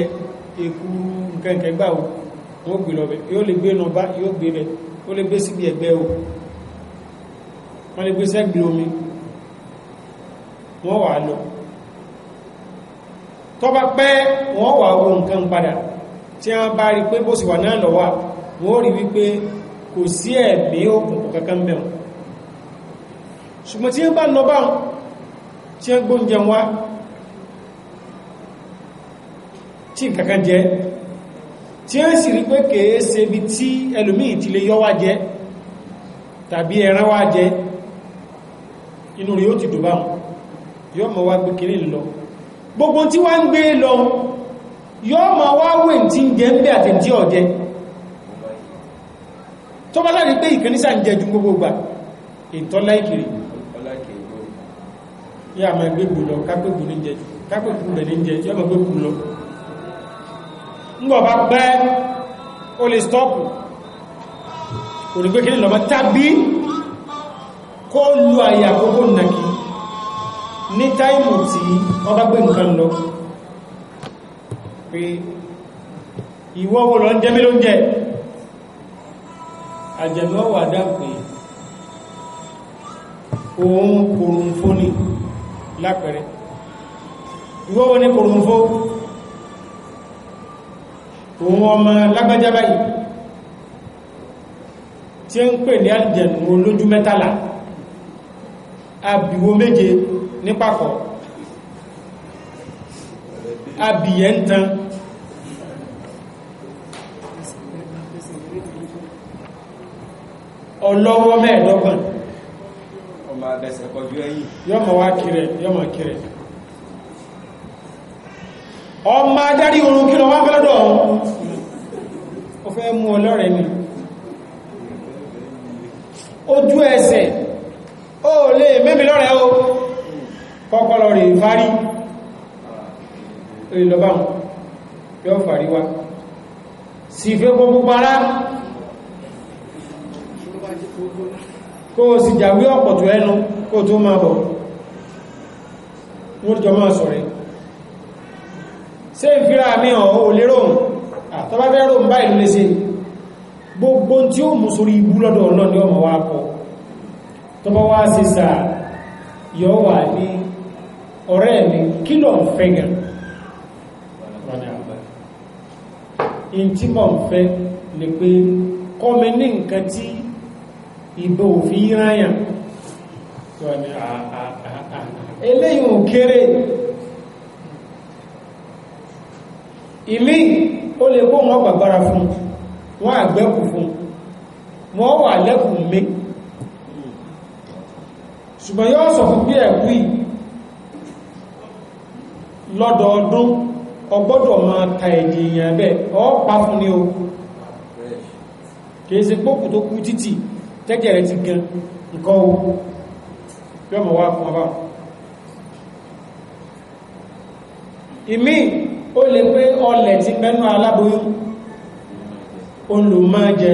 èkúrú nǹkan ìkẹgbà o wọ́n lọ́bẹ̀ yóò lè gbé nọba yóò gbé bẹ̀ ó lè gbé síbi ẹ̀gbẹ́ o wọ́n lè gbé omi wọ́n wà lọ tó pẹ́ wọ́n wà wo nǹkan padà tí wọ́n bá rí pé bó sì wà náà lọ́wọ́ wọ́n rí wípé kò sí ẹ̀mí òkùnkùn kankan mẹ́wọ̀n ṣùgbọ́n tí wọ́n bá lọ báwọn tí wọ́n gbóúnjẹ tí nǹkankan jẹ́ tí ó sì rí pé kèé ṣe bí tí ẹlòmí ti lè yọ́ wá jẹ tàbí ẹran wá jẹ inú rí ó ti dùbá yọ́ mọ̀ wá gbé kiri lọ gbogbo tí wá ń gbé lọ yọ́ mọ̀ wá wé tí ń jẹ ń bẹ́ àti ọ̀jẹ́ tó bá láti pé ìkẹ́nísà ń jẹ ju gbogbo gbà ìtọ́lá ìkiri yà máa gbégbò lọ kápẹ́gbò ní jẹ kápẹ́gbò rẹ̀ ní jẹ yọ́ mọ̀ gbégbò lọ ńgbọ̀bá pẹ́ o lè stọ́pù olùgbékiri lọ́mọ tàbí kó lù àyà àkókò nàkí ní táìmù tí wọ́n bá gbé nǹkan lọ pé ìwọ́ wo lọ ń jẹ́ mílò ń jẹ́ àjẹ̀mọ́ wà dápé òun kòrùnfó ní lápẹẹrẹ ìwọ́ wo ní kòrùnfó òun ọmọ lágbájá báyìí tí ń pè ní àjẹ̀nù olójú mẹ́tàlá àbìwó méje ní pàkọ̀ àbìyẹ̀ ń tan ọlọ́wọ́ mẹ́ẹ̀dọ́gbọ̀n ọmọ abẹ́sẹ̀kọjú ẹ̀yìn yọ́mọ̀ wá yọ́mọ̀ kiri ọmọ adarí orun kí lọ wá fẹ́lọ́dọ̀ ọ̀hún ó fẹ́ mú ọlọ́rẹ̀ ni ojú ẹsẹ̀ ó lè mẹ́mí lọ́rẹ̀ ó kọ́kọ́lọ̀ rẹ̀ fárí ìlọ́báhùn yóò fàrí wá sì fẹ́ kó púpárá kó o sì jàwé ọ̀pọ̀tù ẹnu kó tó máa bọ̀ wọ́n jọ máa sọ̀rẹ̀ ṣe ń fira mi hàn ó lè rọrùn àtọ́bá fẹ́ rọrùn báyìí ló lè ṣe gbogbo tí ó mú sórí ibú lọ́dọ̀ ọlọ́run ni ọmọ wa kọ tọ́bá wá sí sáà yọ wà ní ọ̀rẹ́ mi kí ló ń fẹ́ gẹ̀ in tí mọ̀ ń fẹ́ ni pé kọ́ mi ní nǹkan tí ìbò òfin ráyàn eléyìí ò kéré ìmí o lè kó wọn gbàgbára fún wọn àgbẹ́kù fún wọn wà lẹ́kù mé ṣùgbọ́n yóò sọ fún bí ẹ̀kú yìí lọ́dọọdún ọgbọ́dọ̀ máa ka ẹ̀dì èèyàn bẹ́ẹ̀ ọ́ fún ni o kìí ṣe pókù tó kú títì tẹ́jẹ̀ ti gan nǹkan o yọ́mọ̀ wá fún ọba ìmí ó lè pé ọlẹ̀ ti pẹ́nu aláboyún o lò máa jẹ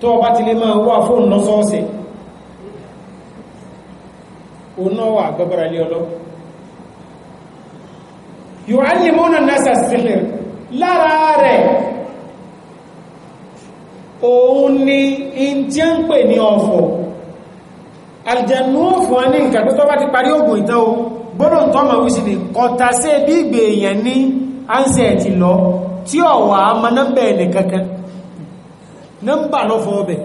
tó ọba ti lè máa wà fóòn lọ́sọ́ọ̀sẹ̀ o náà wà gbọ́bára lé ọlọ́ yóò á lè mọ́nà nasa sílẹ̀ lára rẹ̀ òun ni indian pè ní ọ̀fọ̀ aljannu fún wa ní nǹkan tó bá ti parí ogun ìtàn o gbọ́dọ̀ tó ma wí sí ni kọta sí bí ìgbè èèyàn ní ansẹ̀ ti lọ tí ọ̀wà ma nọ́mbà ẹ̀nì kankan nọ́mbà lọ́fọ́ ọbẹ̀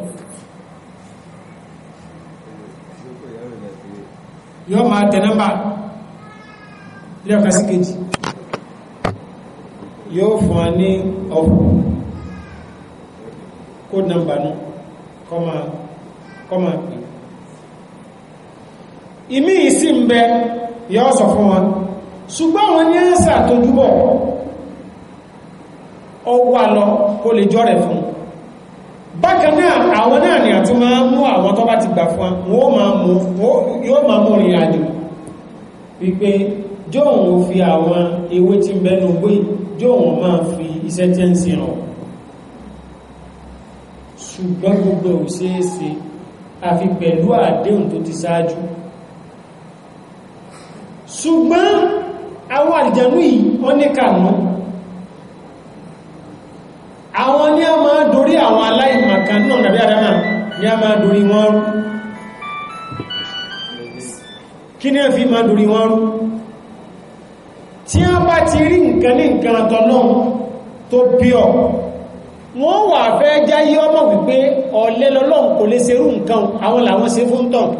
yọ́ ma tẹ̀ nọ́mbà lẹ́ọ̀kan sí kejì yóò fún wa ní ọ̀pọ̀ kóòdù nọ́mbà náà kọ́mà pè ìmí ìsìn bẹ́ẹ̀ yọ́ sọ fún wọn ṣùgbọ́n wọn ní ẹ́sà tó dúbọ̀ ọwà lọ kó lè jọ́rẹ̀ fún bákan náà àwọn náà ni àti máa mú àwọn tó bá ti gbà fún wọn yóò máa mú rìn àjò wípé jóun ò fi àwọn ewé tí ń bẹnu gbé jóun máa fi iṣẹ́ tí ń sin rọ̀ ṣùgbọ́n gbogbo ò ṣeé ṣe àfi pẹ̀lú àdéhùn tó ti ṣáájú ṣùgbọ́n àwọn àlìjànú yìí wọ́n ní kànú àwọn ní a máa dorí àwọn aláìmọ̀kan náà nàbí àdámà ní a máa dorí wọn rú kí ní a fi máa dorí wọn rú tí a bá ti rí nǹkan ní nǹkan àtọ̀nà tó bí ọ wọ́n wà fẹ́ jáyé ọmọ wípé ọ̀lẹ́lọ́lọ́ kò lè ṣerú nǹkan àwọn làwọn ṣe fún tọ̀nà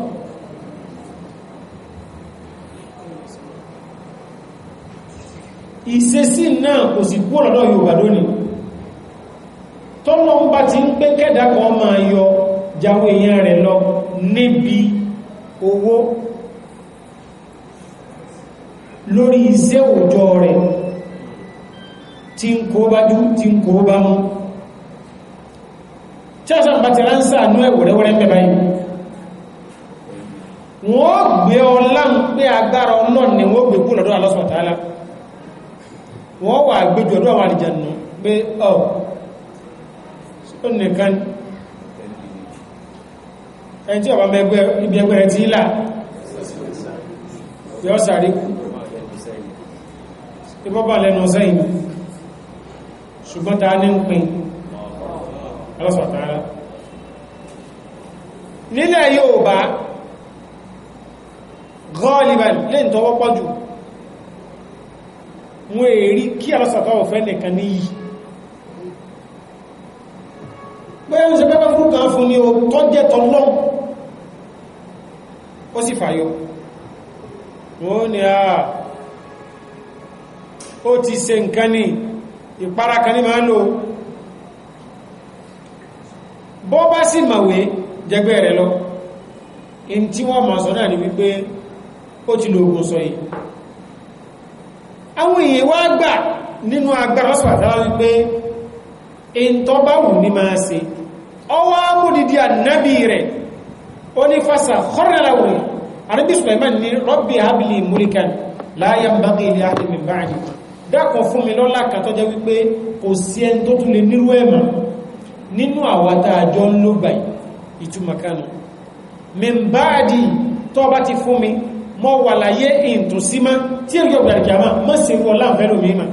ìṣesí náà kò sì kú ọ̀lọ́dọ̀ Yorùbá lónìí tọ́lọ́ ń bá ti ń pé kẹ́dà kan yọ jáwé èèyàn rẹ̀ lọ níbi owó lórí iṣẹ́ òòjọ́ rẹ̀ tí ń kó bá jú tí ń kó bá mú ṣáṣà bàtí ránṣà ní ẹ̀wọ̀rẹ́wọ̀rẹ́ mẹ́bá wọ́n gbé ọlá ń wọ́n wà gbójú ọdún àwọn àlìjànú pé ọ̀ ó nìkan ẹni tí ọba ibi ẹgbẹ́ rẹ̀ ti ń là yọ́ sàrí kú ibọ́bà lẹ́nu sẹ́yìn ṣùgbọ́n ta ní ń pin alọ́sọ̀tàrà nílẹ̀ Yorùbá gọ́ọ̀lìbà lè ń tọwọ́pọ̀ jù wọ́n èrí kí alásàtọ́ ọ̀fẹ́ nìkan ní yìí bóyá ń ṣe pẹ́pẹ́ fún kan fún ní o tọ́ jẹ́ tọ́lọ́ ó sì fàyọ wọ́n ni a ó ti ṣe nǹkan ní ìpara kan ní máa lò bọ́ bá sì màwé jẹgbẹ́ rẹ̀ lọ in tí wọ́n ma sọ náà ni wípé ó ti lo ogun sọ yìí èèyàn wá gbà nínú agbára sọ̀tàrà wípé in tó bá wù ní máa ṣe ọwọ́ amúdìdí ànábì rẹ̀ ó ní fásà kọ́rẹ̀láwòrì ànábì Sulaiman ní rọ́bì habili múríkan láyé mbàgì ilé àdìmì báyìí dákùn fún mi lọ́lá kan tó jẹ́ wípé kò sí ẹni tó tún lè nírú ẹ̀mà nínú àwátá àjọ ńlọ́gbà ìtumọ̀ kanu mi bá ti fún mi mọ́ wà láyé ìntùsímá tí ẹ̀rọ ìgbà ìjàmá mọ́ sí fún ọlá ìfẹ́ lómi mà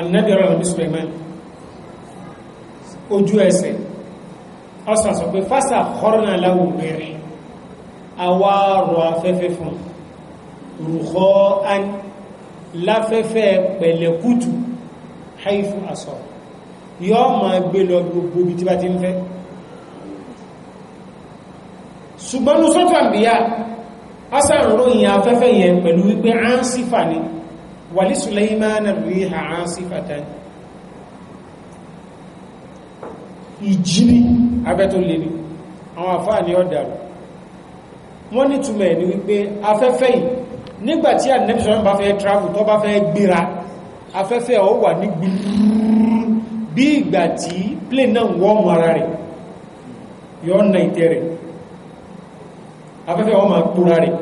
annabi ọ̀rọ̀ nàbí Sulaiman ojú ẹsẹ̀ ọsàn sọ pé fásà kọ́rọ̀nà láwù mẹ́rin awárọ̀ afẹ́fẹ́ fún rùkọ́ láfẹ́fẹ́ pẹ̀lẹ̀kútù haifu asọ̀rọ̀ yóò máa gbé lọ gbogbo ibi tí bá ti ń fẹ́ ṣùgbọ́n ní sọ́tọ̀ àbíyá asàròyìn afẹ́fẹ́ yẹn pẹ̀lú wípé ánsífà ni wàlí Sulaimana riha ánsífà tán ìjírí abẹ́ tó lè ní àwọn àfáà ni ọ̀dà wọ́n ní túnmẹ̀ ní wípé afẹ́fẹ́ yìí nígbàtí ànẹ́bìsọ́rọ̀ bá fẹ́ travel tó bá fẹ́ gbéra afẹ́fẹ́ ọ wà ní gbìyànjú bí ìgbà tí plane náà wọ́ọ̀mù ara rẹ̀ yọ ọ̀nà ìtẹ́ rẹ̀ afẹ́fẹ́ wọ́n ma púra rẹ̀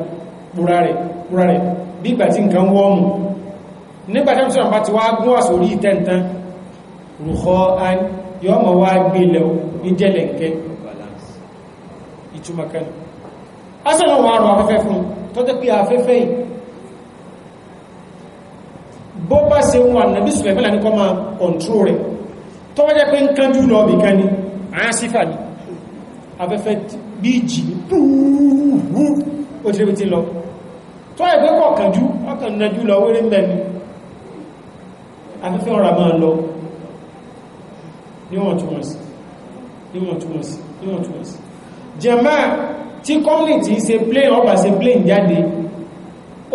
púra rẹ̀ púra rẹ̀ bí ìgbà tí nǹkan wọ́ọ̀mù nígbàtí ọmọ bá ti wá gún àsòrí ìtẹ́ntán rùkọ́ yọ ọmọ wá gbé ilẹ̀ e ní jẹ́lẹ̀kẹ́ ìtúmakan asẹ́lẹ̀ wọn àrùn afẹ́fẹ́ fún tó pé afẹ́fẹ́ yìí bó bá ṣe wọn ànàbí sùlẹ̀mẹ́lá ní kọ́ máa kọ̀ntró rẹ̀ tó wájẹ́ pé ń kánjú lọ nìkan ni àásífà ni afẹ́fẹ́ bí jì ní púúrú ó ti rí ti lọ tó wájẹ́ pé kọ̀ kánjú ọkàn nájú lọ wéré ń bẹni afẹ́fẹ́ ọ̀rà máa lọ níwọ̀ntúnwọ̀nsì níwọ̀ntúnwọ̀nsì níwọ̀ntúnwọ̀nsì jẹ́mà tí kọ́mìnì ti ṣe plane ọba ṣe plane jáde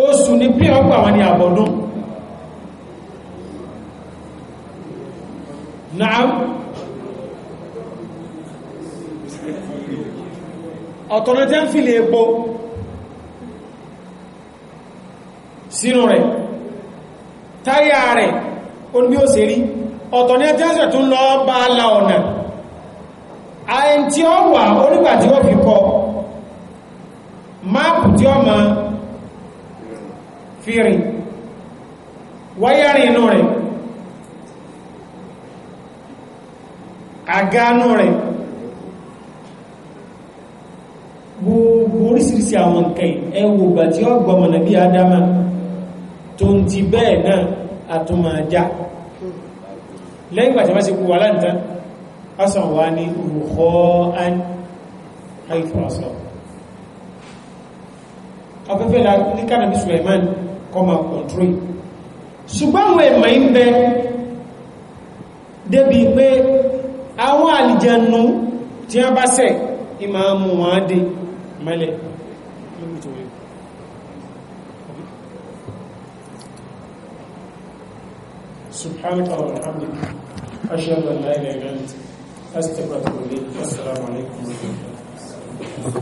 oṣù ní plane ọgbà wọn ni àbọ̀dún نعم. ọ̀tọ̀nà tẹ́ ń fi lè epo sínú rẹ̀ táyà rẹ̀ o ní bí ó ṣe rí ọ̀tọ̀nà tẹ́ ń sẹ̀tún lọ bá la ọ̀nà àyìn tí ó wà onígbà tí ó fi kọ máàpù tí ó máa fi rìn wáyàrin inú rẹ̀ àgánú rẹ̀ gbogbo oríṣiríṣi àwọn nǹkan ẹwò ìgbà tí ó gbọmọ̀nà bí adama tó ń ti bẹ́ẹ̀ náà àtúnmà já lẹ́yìn ìgbà tí wọ́n sì kú wà láǹtán ọsàn wà ní olùkọ́ án àìfọ́sọ̀ ọ̀fẹ́fẹ́ la ní ṣùgbọ́n àwọn ẹ̀mà ń bẹ débi pé àwọn àlìjẹnu tí wọ́n bá sẹ̀ ìmọ̀ mú wọn dé mẹ́lẹ̀ سبحانك اللهم وبحمدك أشهد أن لا إله إلا أنت أستغفرك وأتوب السلام عليكم ورحمة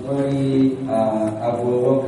الله وبركاته.